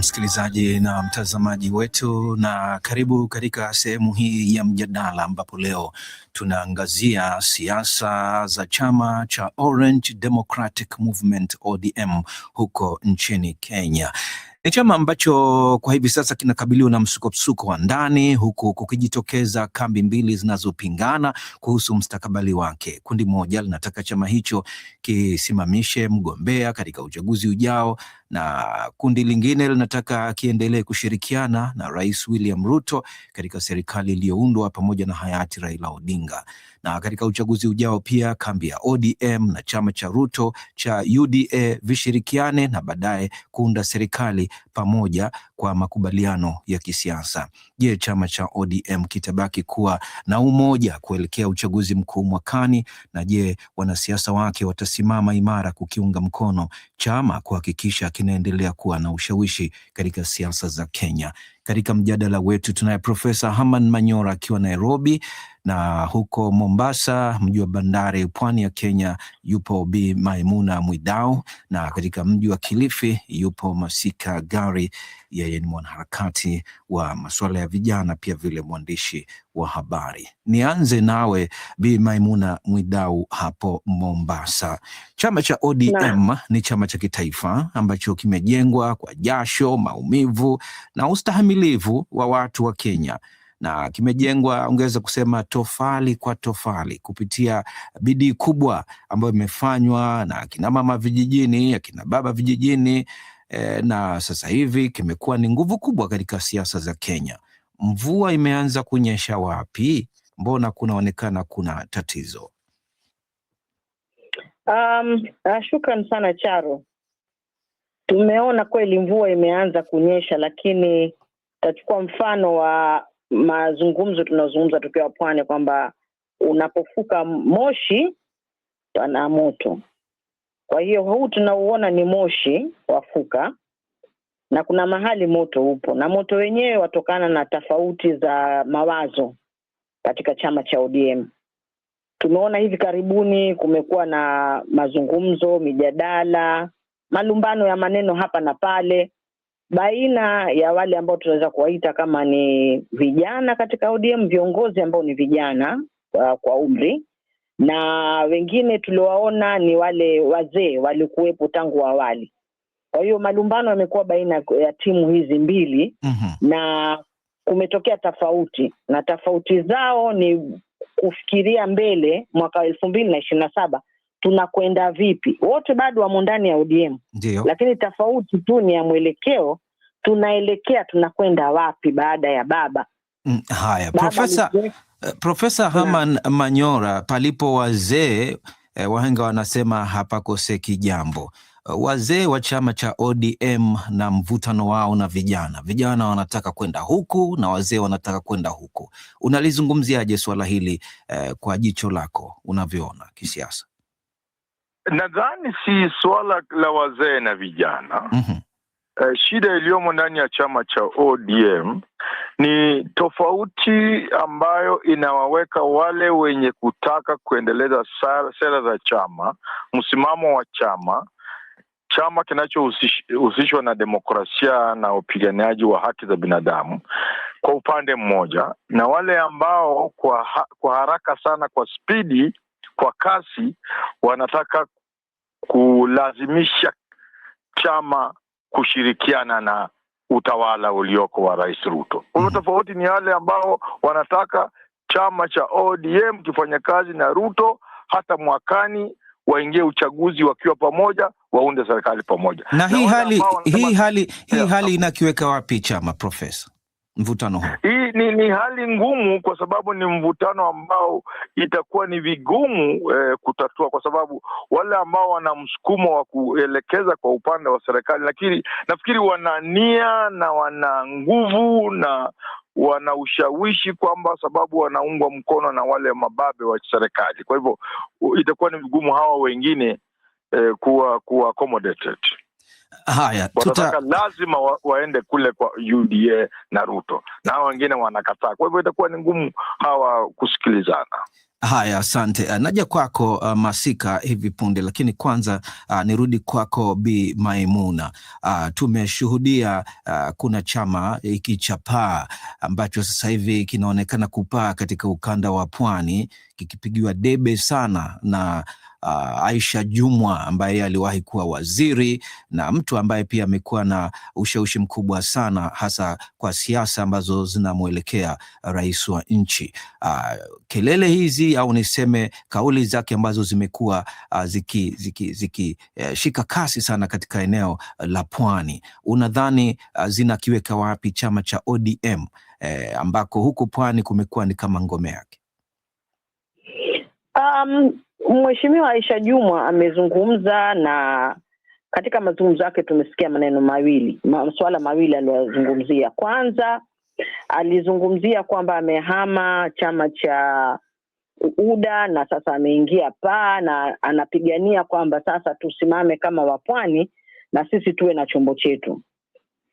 msikilizaji na mtazamaji wetu, na karibu katika sehemu hii ya mjadala ambapo leo tunaangazia siasa za chama cha Orange Democratic Movement ODM huko nchini Kenya. Ni chama ambacho kwa hivi sasa kinakabiliwa na msukosuko wa ndani, huku kukijitokeza kambi mbili zinazopingana kuhusu mstakabali wake. Kundi moja linataka chama hicho kisimamishe mgombea katika uchaguzi ujao na kundi lingine linataka akiendelee kushirikiana na Rais William Ruto katika serikali iliyoundwa pamoja na hayati Raila Odinga. Na katika uchaguzi ujao pia kambi ya ODM na chama cha Ruto cha UDA vishirikiane na baadaye kuunda serikali pamoja kwa makubaliano ya kisiasa. Je, chama cha ODM kitabaki kuwa na umoja kuelekea uchaguzi mkuu mwakani? Na je, wanasiasa wake watasimama imara kukiunga mkono chama kuhakikisha kinaendelea kuwa na ushawishi katika siasa za Kenya katika mjadala wetu. Tunaye Profesa Haman Manyora akiwa Nairobi, na huko Mombasa, mji wa bandari, pwani ya Kenya, yupo Bi Maimuna Mwidau, na katika mji wa Kilifi yupo Masika Gari, yeye ni mwanaharakati wa masuala ya vijana, pia vile mwandishi wa habari. Nianze nawe Bi Maimuna Mwidau hapo Mombasa. Chama cha ODM na ni chama cha kitaifa ambacho kimejengwa kwa jasho, maumivu na ustahimilivu uvumilivu wa watu wa Kenya na kimejengwa, ungeweza kusema tofali kwa tofali, kupitia bidii kubwa ambayo imefanywa na akina mama vijijini, akina baba vijijini e, na sasa hivi kimekuwa ni nguvu kubwa katika siasa za Kenya. Mvua imeanza kunyesha wapi? Mbona kunaonekana kuna tatizo? Um, ah, shukran sana Charo. Tumeona kweli mvua imeanza kunyesha, lakini Tachukua mfano wa mazungumzo tunazungumza tukiwa pwani kwamba unapofuka moshi pana moto. Kwa hiyo huu tunauona ni moshi wafuka, na kuna mahali moto upo, na moto wenyewe watokana na tofauti za mawazo katika chama cha ODM. Tumeona hivi karibuni kumekuwa na mazungumzo, mijadala, malumbano ya maneno hapa na pale, baina ya wale ambao tunaweza kuwaita kama ni vijana katika ODM, viongozi ambao ni vijana uh, kwa umri na wengine tuliowaona ni wale wazee walikuwepo tangu awali. Kwa hiyo malumbano yamekuwa baina ya timu hizi mbili mm-hmm. na kumetokea tofauti, na tofauti zao ni kufikiria mbele mwaka wa elfu mbili na ishirini na saba tunakwenda vipi. Wote bado wamo ndani ya ODM lakini tofauti tu ni ya mwelekeo, tunaelekea tunakwenda wapi baada ya baba. Mm, haya Profesa eh, Profesa Herman Manyora, palipo wazee eh, wahenga wanasema hapakoseki jambo. Eh, wazee wa chama cha ODM na mvutano wao na vijana, vijana wanataka kwenda huku na wazee wanataka kwenda huku, unalizungumziaje swala hili eh, kwa jicho lako unavyoona kisiasa? Nadhani si suala la wazee na vijana mm -hmm. Uh, shida iliyomo ndani ya chama cha ODM ni tofauti ambayo inawaweka wale wenye kutaka kuendeleza sera za chama, msimamo wa chama, chama kinachohusishwa na demokrasia na upiganiaji wa haki za binadamu kwa upande mmoja, na wale ambao kwa, ha kwa haraka sana, kwa spidi kwa kasi, wanataka kulazimisha chama kushirikiana na utawala ulioko wa Rais Ruto. Kwa hiyo mm-hmm. tofauti ni wale ambao wanataka chama cha ODM kifanya kazi na Ruto hata mwakani waingie uchaguzi wakiwa pamoja, waunde serikali pamoja. Na hii hali hii hali hii hali inakiweka wapi chama, Profesa? mvutano huu? Hii ni, ni hali ngumu, kwa sababu ni mvutano ambao itakuwa ni vigumu eh, kutatua, kwa sababu wale ambao wana msukumo wa kuelekeza kwa upande wa serikali, lakini nafikiri wana nia na wana nguvu na wana ushawishi kwamba sababu wanaungwa mkono na wale mababe wa serikali. Kwa hivyo itakuwa ni vigumu hawa wengine eh, kuwa kuwa accommodated. Haya, tuta... lazima wa, waende kule kwa UDA na Ruto na hao wengine wanakataa, kwa hivyo itakuwa ni ngumu hawa kusikilizana. Haya, asante. Ah, naja kwako uh, Masika hivi punde, lakini kwanza uh, nirudi kwako Bi Maimuna. Uh, tumeshuhudia uh, kuna chama hiki eh, cha Paa ambacho sasa hivi kinaonekana kupaa katika ukanda wa pwani kikipigiwa debe sana na uh, Aisha Jumwa ambaye aliwahi kuwa waziri na mtu ambaye pia amekuwa na ushawishi mkubwa sana hasa kwa siasa ambazo zinamwelekea rais wa nchi. Uh, kelele hizi au niseme kauli zake ambazo zimekuwa uh, zikishika ziki, ziki, uh, kasi sana katika eneo la pwani, unadhani uh, zinakiweka wapi chama cha ODM eh, ambako huku pwani kumekuwa ni kama ngome yake? Um, Mheshimiwa Aisha Jumwa amezungumza na katika mazungumzo yake tumesikia maneno mawili, masuala mawili aliyoyazungumzia. Kwanza alizungumzia kwamba amehama chama cha UDA na sasa ameingia PAA na anapigania kwamba sasa tusimame kama wapwani na sisi tuwe na chombo chetu.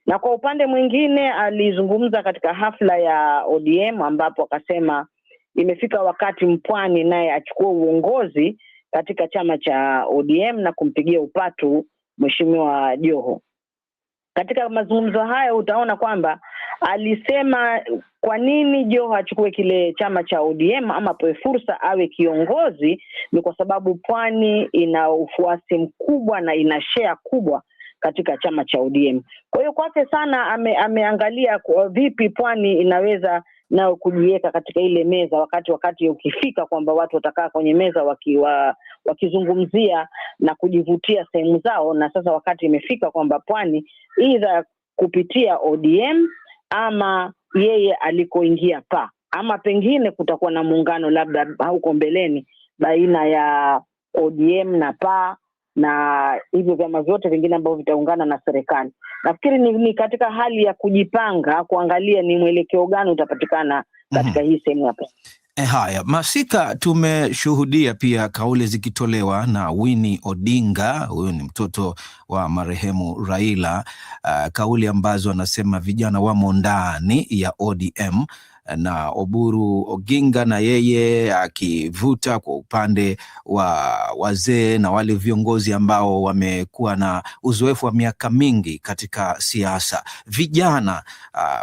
Na kwa upande mwingine alizungumza katika hafla ya ODM ambapo akasema imefika wakati Mpwani naye achukua uongozi katika chama cha ODM na kumpigia upatu Mheshimiwa Joho. Katika mazungumzo hayo utaona kwamba alisema kwa nini Joho achukue kile chama cha ODM ama apewe fursa awe kiongozi, ni kwa sababu Pwani ina ufuasi mkubwa na ina shea kubwa katika chama cha ODM. Kwa hiyo kwake sana ame, ameangalia vipi Pwani inaweza nao kujiweka katika ile meza, wakati wakati ukifika kwamba watu watakaa kwenye meza wakiwa wakizungumzia na kujivutia sehemu zao, na sasa wakati imefika kwamba pwani idha kupitia ODM ama yeye alikoingia pa ama pengine kutakuwa na muungano labda huko mbeleni baina ya ODM na PA na hivyo vyama vyote vingine ambavyo vitaungana na serikali. Nafikiri ni, ni katika hali ya kujipanga kuangalia ni mwelekeo gani utapatikana katika mm -hmm. hii sehemu ya pesa. E, haya Masika, tumeshuhudia pia kauli zikitolewa na Winnie Odinga, huyu ni mtoto wa marehemu Raila. Uh, kauli ambazo anasema vijana wamo ndani ya ODM na Oburu Oginga na yeye akivuta kwa upande wa wazee na wale viongozi ambao wamekuwa na uzoefu wa miaka mingi katika siasa. Vijana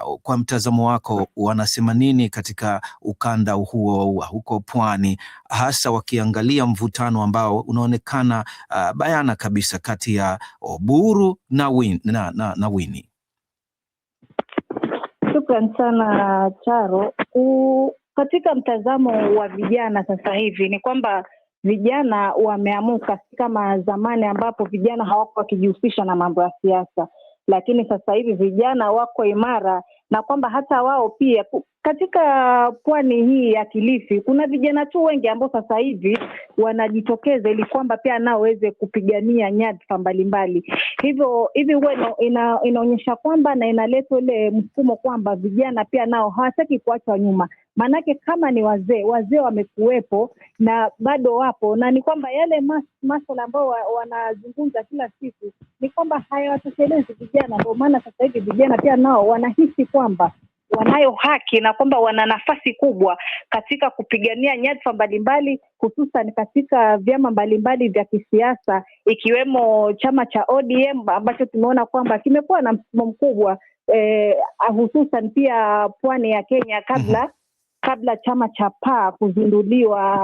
uh, kwa mtazamo wako wanasema nini katika ukanda huo wa huko pwani, hasa wakiangalia mvutano ambao unaonekana uh, bayana kabisa kati ya Oburu na Wini na, na, na Wini Shukran sana Charo. U, katika mtazamo wa vijana sasa hivi ni kwamba vijana wameamuka, si kama zamani ambapo vijana hawako wakijihusisha na mambo ya siasa, lakini sasa hivi vijana wako imara na kwamba hata wao pia katika pwani hii ya Kilifi kuna vijana tu wengi ambao sasa hivi wanajitokeza ili kwamba pia nao waweze kupigania nyadhifa mbalimbali. Hivyo hivi huwa ina, inaonyesha kwamba na inaleta ule mfumo kwamba vijana pia nao hawataki kuachwa nyuma. Maanake kama ni wazee, wazee wamekuwepo na bado wapo, na ni kwamba yale mas, maswala ambayo wanazungumza kila siku ni kwamba hayawatoshelezi vijana. Ndio maana sasa hivi vijana pia nao wanahisi kwamba wanayo haki na kwamba wana nafasi kubwa katika kupigania nyadhifa mbalimbali, hususan katika vyama mbalimbali vya kisiasa, ikiwemo chama cha ODM ambacho tumeona kwamba kimekuwa na msimamo mkubwa eh, hususan pia pwani ya Kenya kabla mm-hmm kabla chama cha PAA kuzinduliwa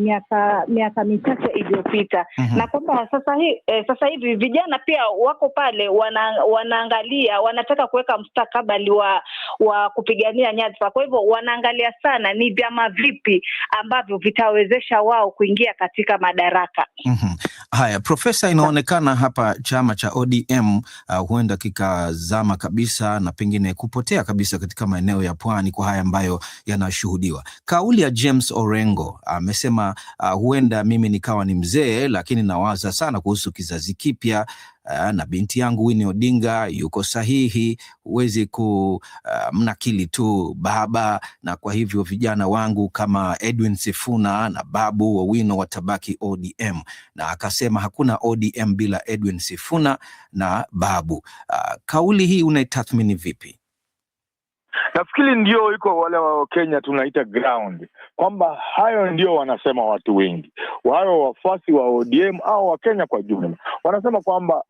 miaka miaka michache iliyopita uh-huh. na kwamba sasa, hi, eh, sasa hivi vijana pia wako pale wana, wanaangalia wanataka kuweka mstakabali wa wa kupigania nyadhifa. Kwa hivyo wanaangalia sana ni vyama vipi ambavyo vitawezesha wao kuingia katika madaraka uh-huh. Haya, Profesa, inaonekana hapa chama cha ODM uh, ah, huenda kikazama kabisa na pengine kupotea kabisa katika maeneo ya pwani kwa haya ambayo yanashuhudiwa. Kauli ya James Orengo amesema uh, huenda mimi nikawa ni mzee, lakini nawaza sana kuhusu kizazi kipya ah, na binti yangu Winnie Odinga yuko sahihi, huwezi kumnakili ah, uh, tu baba. Na kwa hivyo vijana wangu kama Edwin Sifuna na Babu Owino watabaki ODM, na akasema hakuna ODM bila Edwin Sifuna na Babu. Uh, kauli hii unaitathmini vipi? Nafikiri ndio iko wale wa Kenya tunaita ground kwamba hayo ndio wanasema watu wengi, wawe wafuasi wa ODM au Wakenya kwa jumla, wanasema kwamba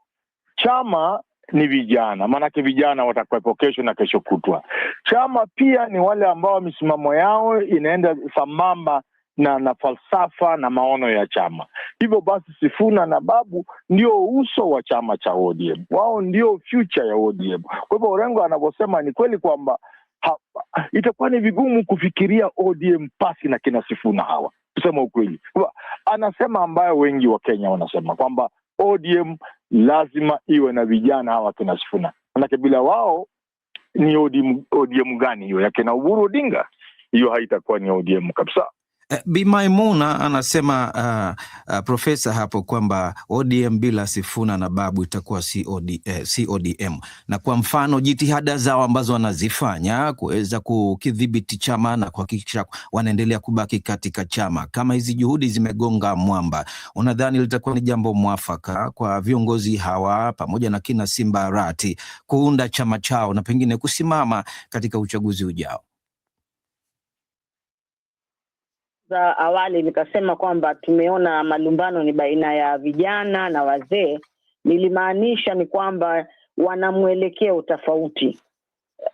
chama ni vijana, maanake vijana watakuwepo kesho na kesho kutwa. Chama pia ni wale ambao misimamo yao inaenda sambamba na na falsafa na maono ya chama. Hivyo basi, Sifuna na Babu ndio uso wa chama cha ODM, wao ndio future ya ODM. Kwa hivyo Orengo anavyosema ni kweli kwamba itakuwa ni vigumu kufikiria ODM pasi na kina Sifuna hawa, kusema ukweli. anasema ambayo wengi wa Kenya wanasema kwamba ODM lazima iwe na vijana hawa kina Sifuna, manake bila wao ni ODM, ODM gani hiyo ya kina Uhuru Odinga? Hiyo haitakuwa ni ODM kabisa. Eh, Bi Maimuna anasema uh, uh, profesa hapo kwamba ODM bila Sifuna na Babu itakuwa COD, eh, CODM na kwa mfano jitihada zao ambazo wanazifanya kuweza kukidhibiti chama na kuhakikisha wanaendelea kubaki katika chama, kama hizi juhudi zimegonga mwamba, unadhani litakuwa ni jambo mwafaka kwa viongozi hawa pamoja na kina Simba Arati kuunda chama chao na pengine kusimama katika uchaguzi ujao? za awali nikasema kwamba tumeona malumbano ni baina ya vijana na wazee, nilimaanisha ni kwamba wana mwelekeo tofauti.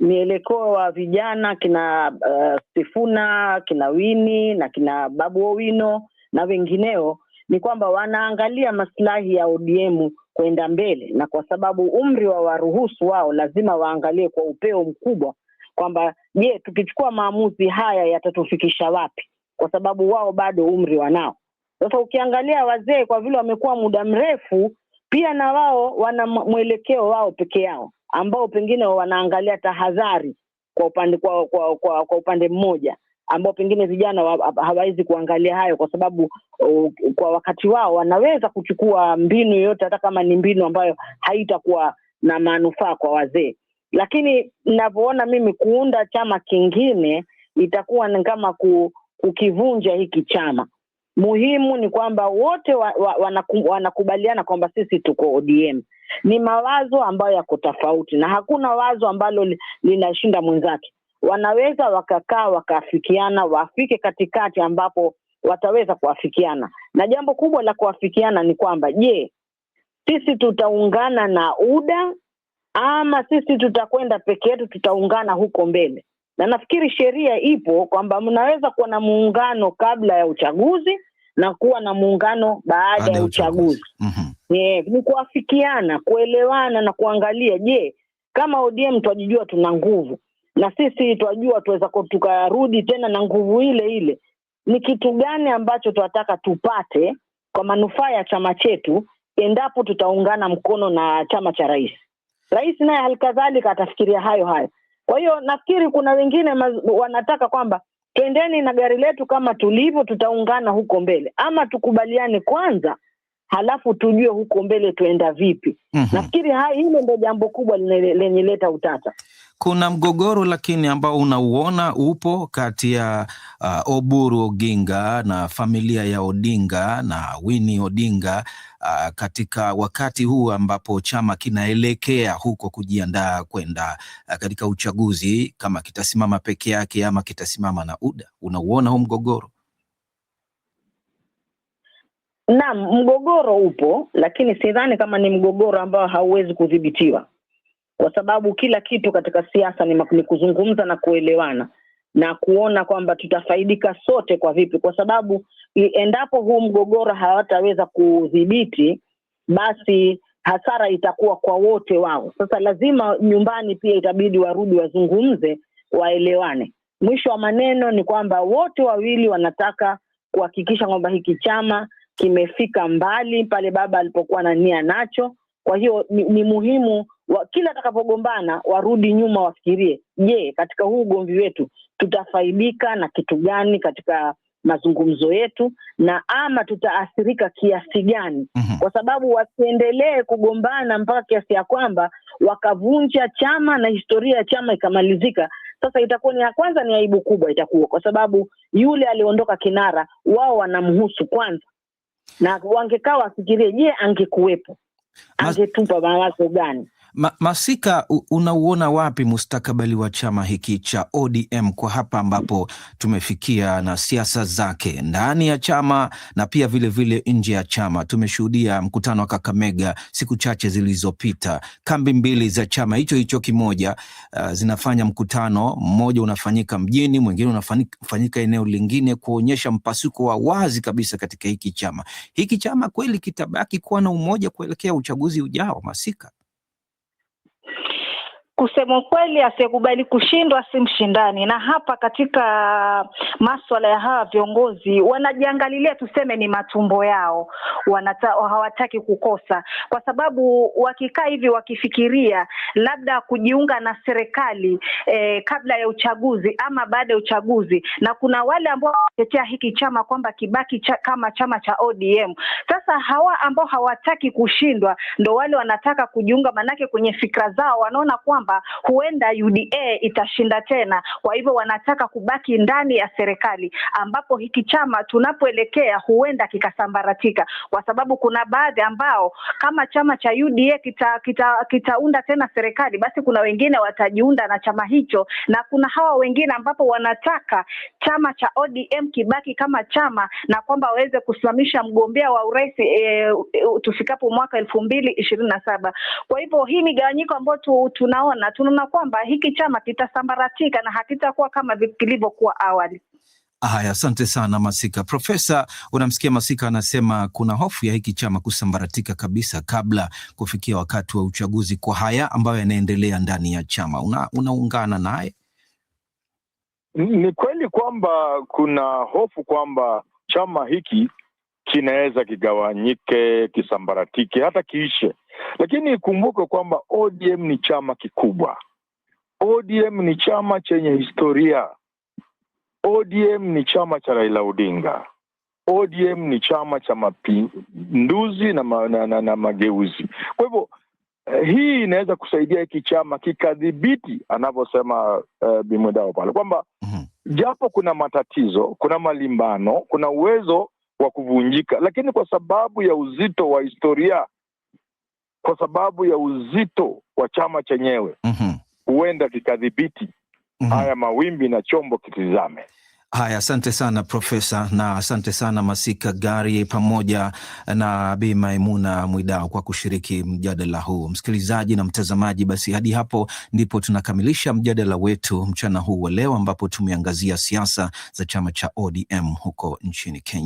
Mielekeo wa vijana kina uh, Sifuna kina Wini na kina Babu Owino na wengineo ni kwamba wanaangalia maslahi ya ODM kwenda mbele, na kwa sababu umri wa waruhusu wao, lazima waangalie kwa upeo mkubwa kwamba je, tukichukua maamuzi haya yatatufikisha wapi? kwa sababu wao bado umri wanao. Sasa ukiangalia wazee, kwa vile wamekuwa muda mrefu, pia na wao wana mwelekeo wao peke yao, ambao pengine wanaangalia tahadhari kwa upande kwa, kwa, kwa, kwa upande mmoja ambao pengine vijana hawawezi kuangalia hayo, kwa sababu uh, kwa wakati wao wanaweza kuchukua mbinu yoyote, hata kama ni mbinu ambayo haitakuwa na manufaa kwa wazee. Lakini ninavyoona mimi, kuunda chama kingine itakuwa ni kama ku, kukivunja hiki chama. Muhimu ni kwamba wote wa, wa, wanaku, wanakubaliana kwamba sisi tuko ODM. Ni mawazo ambayo yako tofauti na hakuna wazo ambalo linashinda mwenzake. Wanaweza wakakaa wakaafikiana, wafike katikati ambapo wataweza kuafikiana. Na jambo kubwa la kuafikiana ni kwamba je, sisi tutaungana na UDA ama sisi tutakwenda peke yetu, tutaungana huko mbele na nafikiri sheria ipo kwamba mnaweza kuwa na muungano kabla ya uchaguzi na kuwa na muungano baada ya uchaguzi. Mm-hmm. Yeah, ni kuafikiana, kuelewana na kuangalia, je, kama ODM twajijua tuna nguvu na sisi twajua tuweza tukarudi tena na nguvu ile ile, ni kitu gani ambacho tunataka tupate kwa manufaa ya chama chetu endapo tutaungana mkono na chama cha rais. Rais naye halikadhalika atafikiria hayo hayo kwa hiyo nafikiri kuna wengine wanataka kwamba twendeni na gari letu kama tulivyo, tutaungana huko mbele, ama tukubaliane kwanza halafu tujue huko mbele tuenda vipi. mm -hmm. Nafikiri hilo ndo jambo kubwa lenye leta utata kuna mgogoro lakini ambao unauona upo kati ya uh, Oburu Oginga na familia ya Odinga na Winnie Odinga uh, katika wakati huu ambapo chama kinaelekea huko kujiandaa kwenda uh, katika uchaguzi, kama kitasimama peke yake ama kitasimama na UDA. Unauona huu mgogoro? Naam, mgogoro upo, lakini sidhani kama ni mgogoro ambao hauwezi kudhibitiwa kwa sababu kila kitu katika siasa ni, ni kuzungumza na kuelewana na kuona kwamba tutafaidika sote kwa vipi, kwa sababu endapo huu mgogoro hawataweza kudhibiti, basi hasara itakuwa kwa wote wao. Sasa lazima nyumbani pia itabidi warudi wazungumze, waelewane. Mwisho wa maneno ni kwamba wote wawili wanataka kuhakikisha kwamba hiki chama kimefika mbali pale baba alipokuwa na nia nacho. Kwa hiyo ni, ni muhimu wa, kila atakapogombana warudi nyuma wafikirie, je, katika huu ugomvi wetu tutafaidika na kitu gani katika mazungumzo yetu na ama tutaathirika kiasi gani? mm -hmm. Kwa sababu wasiendelee kugombana mpaka kiasi ya kwamba wakavunja chama na historia ya chama ikamalizika. Sasa itakuwa ni ya kwanza, ni aibu kubwa itakuwa, kwa sababu yule aliondoka kinara wao wanamhusu kwanza, na wangekaa wafikirie, je, angekuwepo angetupa mawazo gani? Ma, Masika, unauona wapi mustakabali wa chama hiki cha ODM kwa hapa ambapo tumefikia na siasa zake ndani ya chama na pia vilevile nje ya chama? Tumeshuhudia mkutano wa Kakamega siku chache zilizopita, kambi mbili za chama hicho hicho kimoja uh, zinafanya mkutano mmoja, unafanyika mjini, mwingine unafanyika eneo lingine, kuonyesha mpasuko wa wazi kabisa katika hiki chama. Hiki chama kweli kitabaki kuwa na umoja kuelekea uchaguzi ujao, Masika? Kusema kweli, asiyekubali kushindwa si mshindani. Na hapa katika maswala ya hawa viongozi wanajiangalilia, tuseme ni matumbo yao, wanata, hawataki kukosa, kwa sababu wakikaa hivi wakifikiria, labda kujiunga na serikali eh, kabla ya uchaguzi ama baada ya uchaguzi, na kuna wale ambao wanatetea hiki chama kwamba kibaki cha, kama chama cha ODM. Sasa hawa ambao hawataki kushindwa ndo wale wanataka kujiunga, manake kwenye fikra zao wanaona kwamba huenda UDA itashinda tena, kwa hivyo wanataka kubaki ndani ya serikali, ambapo hiki chama tunapoelekea huenda kikasambaratika, kwa sababu kuna baadhi ambao kama chama cha UDA kitaunda kita, kita tena serikali serikali, basi kuna wengine watajiunda na chama hicho, na kuna hawa wengine ambapo wanataka chama cha ODM kibaki kama chama na kwamba waweze kusimamisha mgombea wa urais e, tufikapo mwaka elfu mbili ishirini na saba. Kwa hivyo hii migawanyiko ambayo tu, tunaona tunaona kwamba hiki chama kitasambaratika na hakitakuwa kama kilivyokuwa awali. Haya, asante sana Masika. Profesa, unamsikia Masika anasema kuna hofu ya hiki chama kusambaratika kabisa kabla kufikia wakati wa uchaguzi, kwa haya ambayo yanaendelea ndani ya chama. Una, unaungana naye? Ni kweli kwamba kuna hofu kwamba chama hiki kinaweza kigawanyike, kisambaratike, hata kiishe, lakini ikumbuke kwamba ODM ni chama kikubwa. ODM ni chama chenye historia ODM ni chama cha Raila Odinga. ODM ni chama cha mapinduzi na, ma, na, na, na mageuzi. Kwa hivyo eh, hii inaweza kusaidia hiki chama kikadhibiti, anavyosema eh, Bimwidao pale kwamba mhm. japo kuna matatizo, kuna malimbano, kuna uwezo wa kuvunjika, lakini kwa sababu ya uzito wa historia, kwa sababu ya uzito wa chama chenyewe mhm. huenda mm -hmm. kikadhibiti mm -hmm. haya mawimbi na chombo kitizame. Haya, asante sana Profesa, na asante sana Masika Gari pamoja na Bi Maimuna Mwidao kwa kushiriki mjadala huu. Msikilizaji na mtazamaji, basi hadi hapo ndipo tunakamilisha mjadala wetu mchana huu wa leo, ambapo tumeangazia siasa za chama cha ODM huko nchini Kenya.